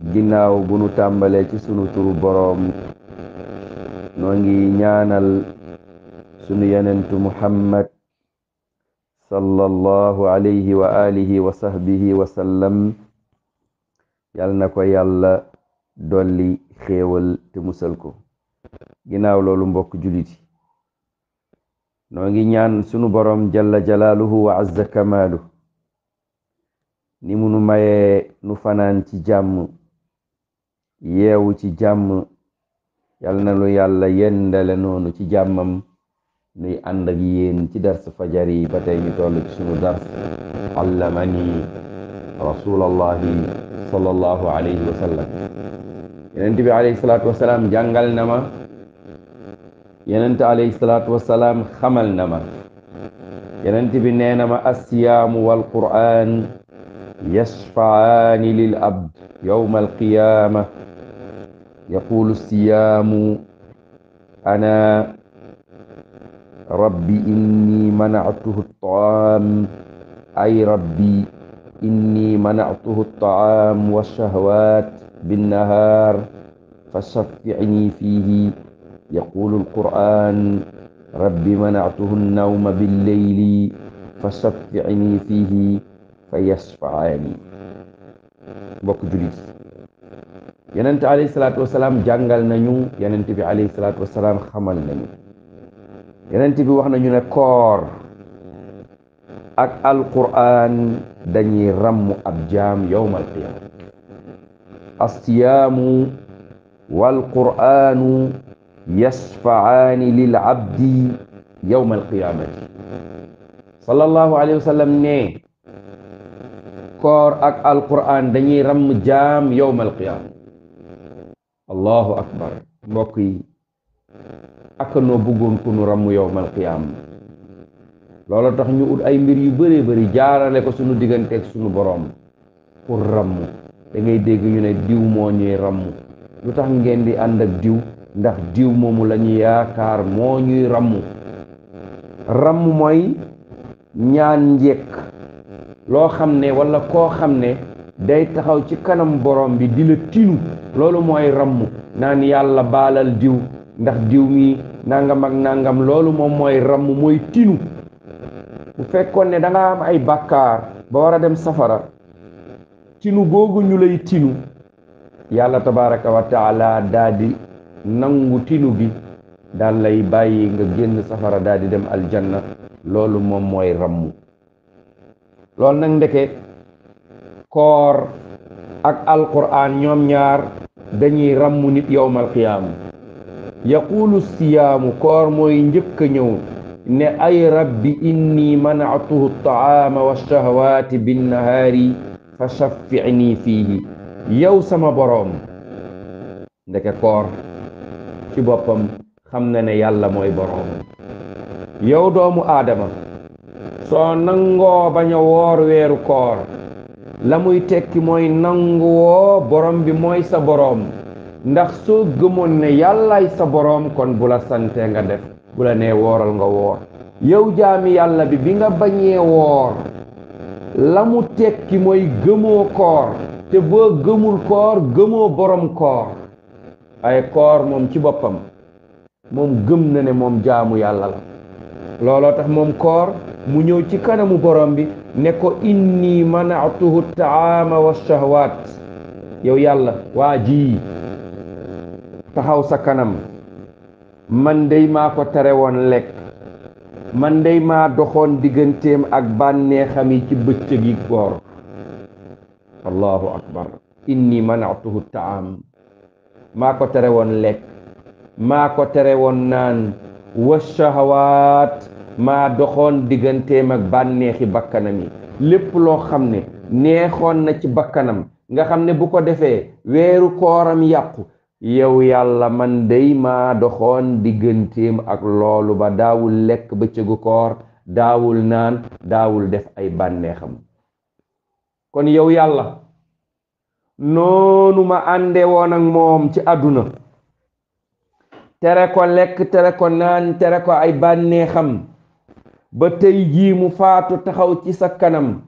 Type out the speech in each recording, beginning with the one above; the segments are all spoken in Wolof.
ginnaaw bu nu tàmbalee ci sunu turu boroom noo ngi ñaanal sunu yenentu muhammad sallallahu alayhi wa alihi wa sahbihi wa sallam yal na ko yàlla dolli xéewal te musal ko ginnaaw loolu mbokk juliti noo ngi ñaan sunu boroom jalla jalaaluhu wa azza kamaalu ni mu nu mayee nu fanaan ci jàmm yeewu ci jàmm yàlla na lu yàlla yendale noonu ci jàmmam nuy ànd ak yéen ci dars fajar yi ba tey ñu toll ci sunu dars allamani rasulallahi sallallahu alayhi wa sallam yenent bi alayhi salaatu wasalaam jàngal na ma yenent alayhi salaatu wasalaam xamal na ma yenent bi nee na ma assiyaamu walqur'an yashfa'aani lil abd yowma alqiyaama yaqulu siyaamu ana rabbi inni manactuhu altaam ay rabbi inni manactuhu altaam walshahwat binnahaar fashaficni fiihi yaqulu alqur'an rabbi manactuhu alnawma billeyli fashaficni fiihi fa yasfacaani mbokk julit yenent alayhi salaatu wasalaam jàngal nañu yenent bi alayhi salaatu wasalaam xamal nañu yenent bi wax nañu ne koor ak alquran dañuy ràmm ab jaam yowmal qiyaama alsiyaamu walquranu yasfaani lil abdi yowmal qiyaamati sallallahu alayhi wa ne koor ak alquran dañuy ràmm jaam yowmal qiyaama allahu akbar mbokk yi ak noo bëggoon ku nu ràmm yowmal qiyaam loolu tax ñu ut ay mbir yu bëree bëri jaarale ko sunu diggante ak sunu boroom pour ràmm dangay dégg ñu ne diw moo ñuy ràmm lu tax ngeen di ànd ak diw ndax diw moomu la ñu yaakaar moo ñuy ràmm ràmm mooy ñaan njëkk loo xam ne walla koo xam ne day taxaw ci kanam borom bi di la tinu loolu mooy ramm naan yàlla baalal diw ndax diw mi nangam ak nangam loolu moom mooy ramm mooy tinu bu fekkoon ne danga am ay bàkkaar ba war a dem safara tinu googu ñu lay tinu yàlla tabaraka wa taala daa di nangu tinu gi daal lay bàyyi nga génn safara daa di dem aljanna loolu moom mooy ramm loolu nag ndeke koor ak alquraan ñoom ñaar dañuy ràmm nit yowmal qiyaam yaquulu siyaamu koor mooy njëkk ñëw ne ay rabbi inni manatuhu taama walshahwaati binnahaari fa shaffinii fiihi yow sama boroom ndeke koor ci boppam xam na ne yàlla mooy boroom yow doomu aadama soo nangoo bañ woor weeru koor la muy tekki mooy nanguwoo borom bi mooy sa boroom ndax soo gëmoon ne yàllaay sa boroom kon bu la sante nga def bu la nee wooral nga woor yow jaami yàlla bi bi nga bañee woor la tekki mooy gëmoo koor te boo gëmul koor gëmoo borom koor ay koor moom ci boppam moom gëm na ne moom jaamu yàlla la looloo tax moom koor mu ñëw ci kanamu borom bi ne ko inni manatuhu taama wa shahwaat yow yàlla waa ji taxaw sa kanam man dey maa ko tere woon lekk man dey maa doxoon digganteem ak bànneexam yi ci bëccëg yi koor allahu akbar inni manatuhu taam maa ko tere woon lekk maa ko tere woon naan wa shahawaat maa doxoon digganteem ak bànneexi bakkanam lépp loo xam ne neexoon na ci bakkanam nga xam ne bu ko defee weeru kooram yàqu yow yàlla man dey maa doxoon digganteem ak loolu ba daawul lekk bëccëgu koor daawul naan daawul def ay bànneexam kon yow yàlla noonu ma ànde woon ak moom ci àdduna tere ko lekk tere ko naan tere ko ay bànneexam ba tey jii mu faatu taxaw ci sa kanam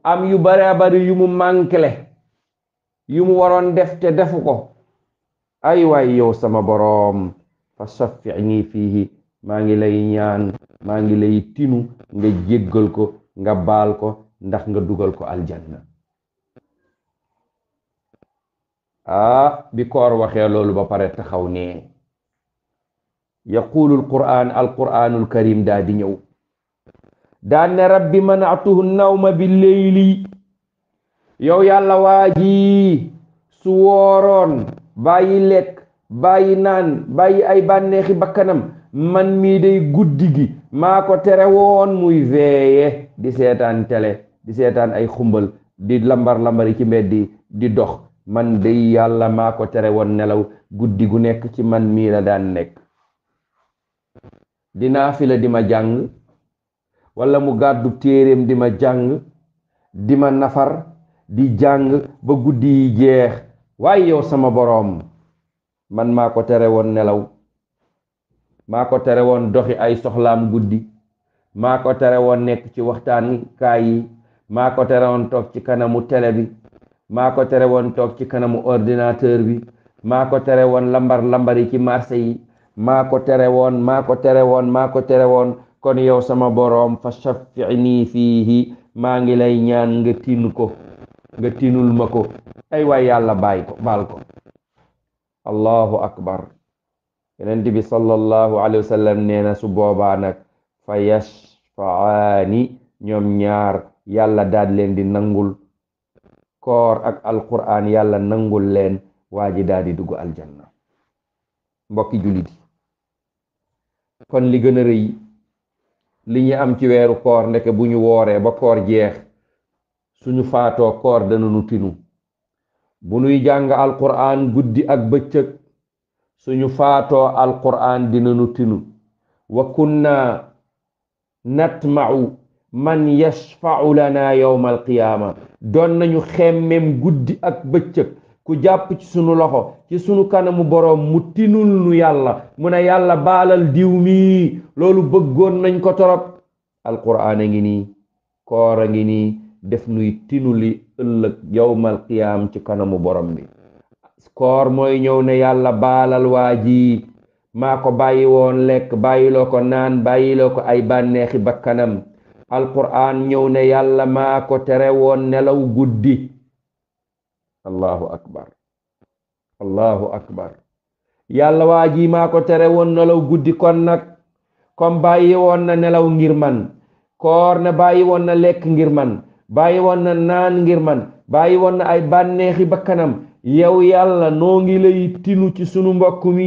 am yu bare yu mu mànkle yu mu waroon def te defu ko ay waay yow sama boroom fa saffi nii fii maa ngi lay ñaan maa ngi lay tinu nga jéggal ko nga baal ko ndax nga dugal ko aljanna ah bi koor waxee loolu ba pare taxaw nee yaqulu alquraan alquraanul karim daa di ñëw daa ne rabbi manatuhu nawma bi leyli yow yàlla waa ji su wooroon bàyyi lekk bàyyi naan bàyyi ay bànneexi bakkanam man mii day guddi gi maa ko tere woon muy veeye di seetaan tele di seetaan ay xumbal di lambar lambari ci mbeddi di dox man day yàlla maa ko tere woon nelaw guddi gu nekk ci man mii la daan nekk di naafila di ma jàng wala mu gàddu téeréem di ma jàng di ma nafar di jàng ba guddi yi jeex waaye yow sama boroom man maa ko tere woon nelaw maa ko tere woon doxi ay soxlaam guddi maa ko tere woon nekk ci waxtaan kaay yi maa ko tere woon toog ci kanamu télé bi maa ko tere woon toog ci kanamu ordinateur bi maa ko tere woon lambar lambar ci marché yi maa ko tere woon maa ko tere woon maa ko tere woon kon yow sama boroom fa shafi'ni fiihi maa ngi lay ñaan nga ko nga tinul ma ko ay waay yàlla bàyyi ko baal ko allahu akbar yonent bi sallallahu alayhi su boobaa nag fa yashfaani ñoom ñaar yàlla daal leen di nangul koor ak alquraan yàlla nangul leen waa ji daal dugg aljanna mbokki jullit kon li gën a rëy li ñu am ci weeru koor ndeke bu ñu wooree ba koor jeex suñu faatoo koor dana nu bu nuy jàng alquraan guddi ak bëccëg suñu faatoo alquraan dina nu tinu wa kunna natma'u man yashfa'u lana yawma alqiyaama doon nañu xemmem guddi ak bëccëg ku jàpp ci sunu loxo ci sunu kanamu boroom mu tinul nu yàlla mu ne yàlla baalal diw mii loolu bëggoon nañ ko torop alquraan a ngi nii koor a ngi nii def nuy tinuli ëllëg yowmal qiyaam ci kanamu borom bi koor mooy ñëw ne yàlla baalal waa ji maa ko bàyyi woon lekk bàyyiloo ko naan bàyyiloo ko ay bànneexi bakkanam alquraan ñëw ne yàlla maa ko tere woon nelaw guddi allahu akbar allahu akbar yàlla waa ji maa ko tere woon nelaw guddi kon nag kom bàyyi woon na nelaw ngir man koor na bàyyi woon na lekk ngir man bàyyi woon na naan ngir man bàyyi woon na ay bànneexi bakkanam yow yàlla noo ngi lay tinu ci sunu mbokk mi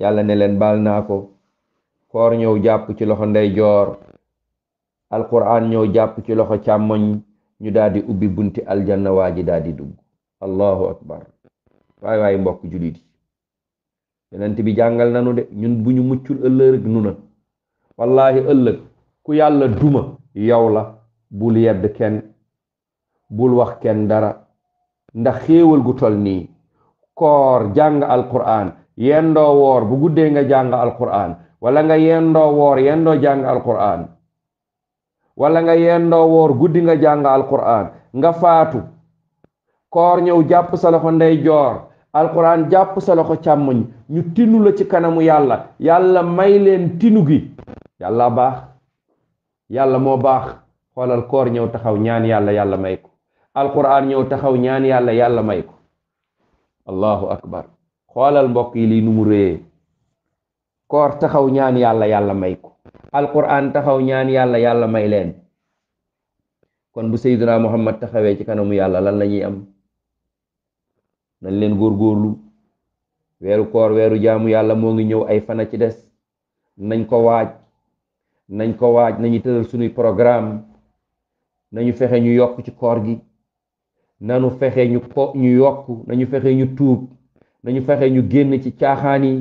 yàlla ne leen baal naa ko koor ñëw jàpp ci loxo ndeyjoor alquran ñëw jàpp ci loxo càmmoñ ñu daal di ubbi bunti aljanna waa ji daal di dugg allahu akbar waay waay mbokk jullit yi yonent bi jàngal nanu de ñun bu ñu muccul ëllëg nu wallaahi ëllëg ku yàlla duma yow la bul yedd kenn bul wax kenn dara ndax xéewal gu tol nii koor jàng alquraan yendoo woor bu guddee nga jàng alquraan wala nga yendoo woor yendoo jàng alquraan wala nga yendoo woor guddi nga jàng alquran nga faatu koor ñëw jàpp sa loxo ndeyjoor alquran jàpp sa loxo càmmoñ ñu tinu la ci kanamu yàlla yàlla may leen tinu gi yàlla baax yàlla moo baax xoolal koor ñëw taxaw ñaan yàlla yàlla may ko alquran ñëw taxaw ñaan yàlla yàlla may ko allahu akbar xoolal mbokk yi lii nu mu réyee koor taxaw ñaan yàlla yàlla may ko alquran taxaw ñaan yàlla yàlla may leen kon bu sayyiduna muhammad taxawee ci kanamu yàlla lan la ñuy am nañ leen góorgóorlu weeru koor weeru jaamu yàlla moo ngi ñëw ay fana ci des nañ ko waaj nañ ko waaj nañu tëral suñuy programme nañu fexe ñu yokk ci koor gi nanu fexe ñu ko ñu yokk nañu fexe ñu tuub nañu fexe ñu génn ci caaxaan yi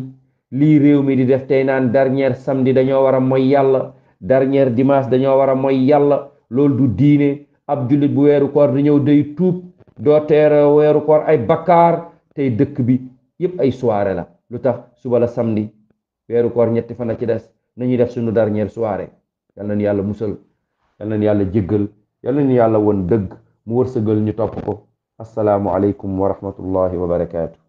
lii réew mi di def tey naan dernier samedi dañoo war a mooy yàlla dernier dimanche dañoo war a mooy yàlla loolu du diine ab jullit bu weeru koor di ñëw day tuub dooteer weeru koor ay bakkaar tey dëkk bi yépp ay soirée la lu tax suba la samedi weeru koor ñetti fan a ci des nañuy def suñu dernière soirée yal nañu yàlla musal yal nañu yàlla jéggal yal nañu yàlla won dëgg mu wërsëgal ñu topp ko asalaamu aleykum wa rahmatullahi wa barakaatu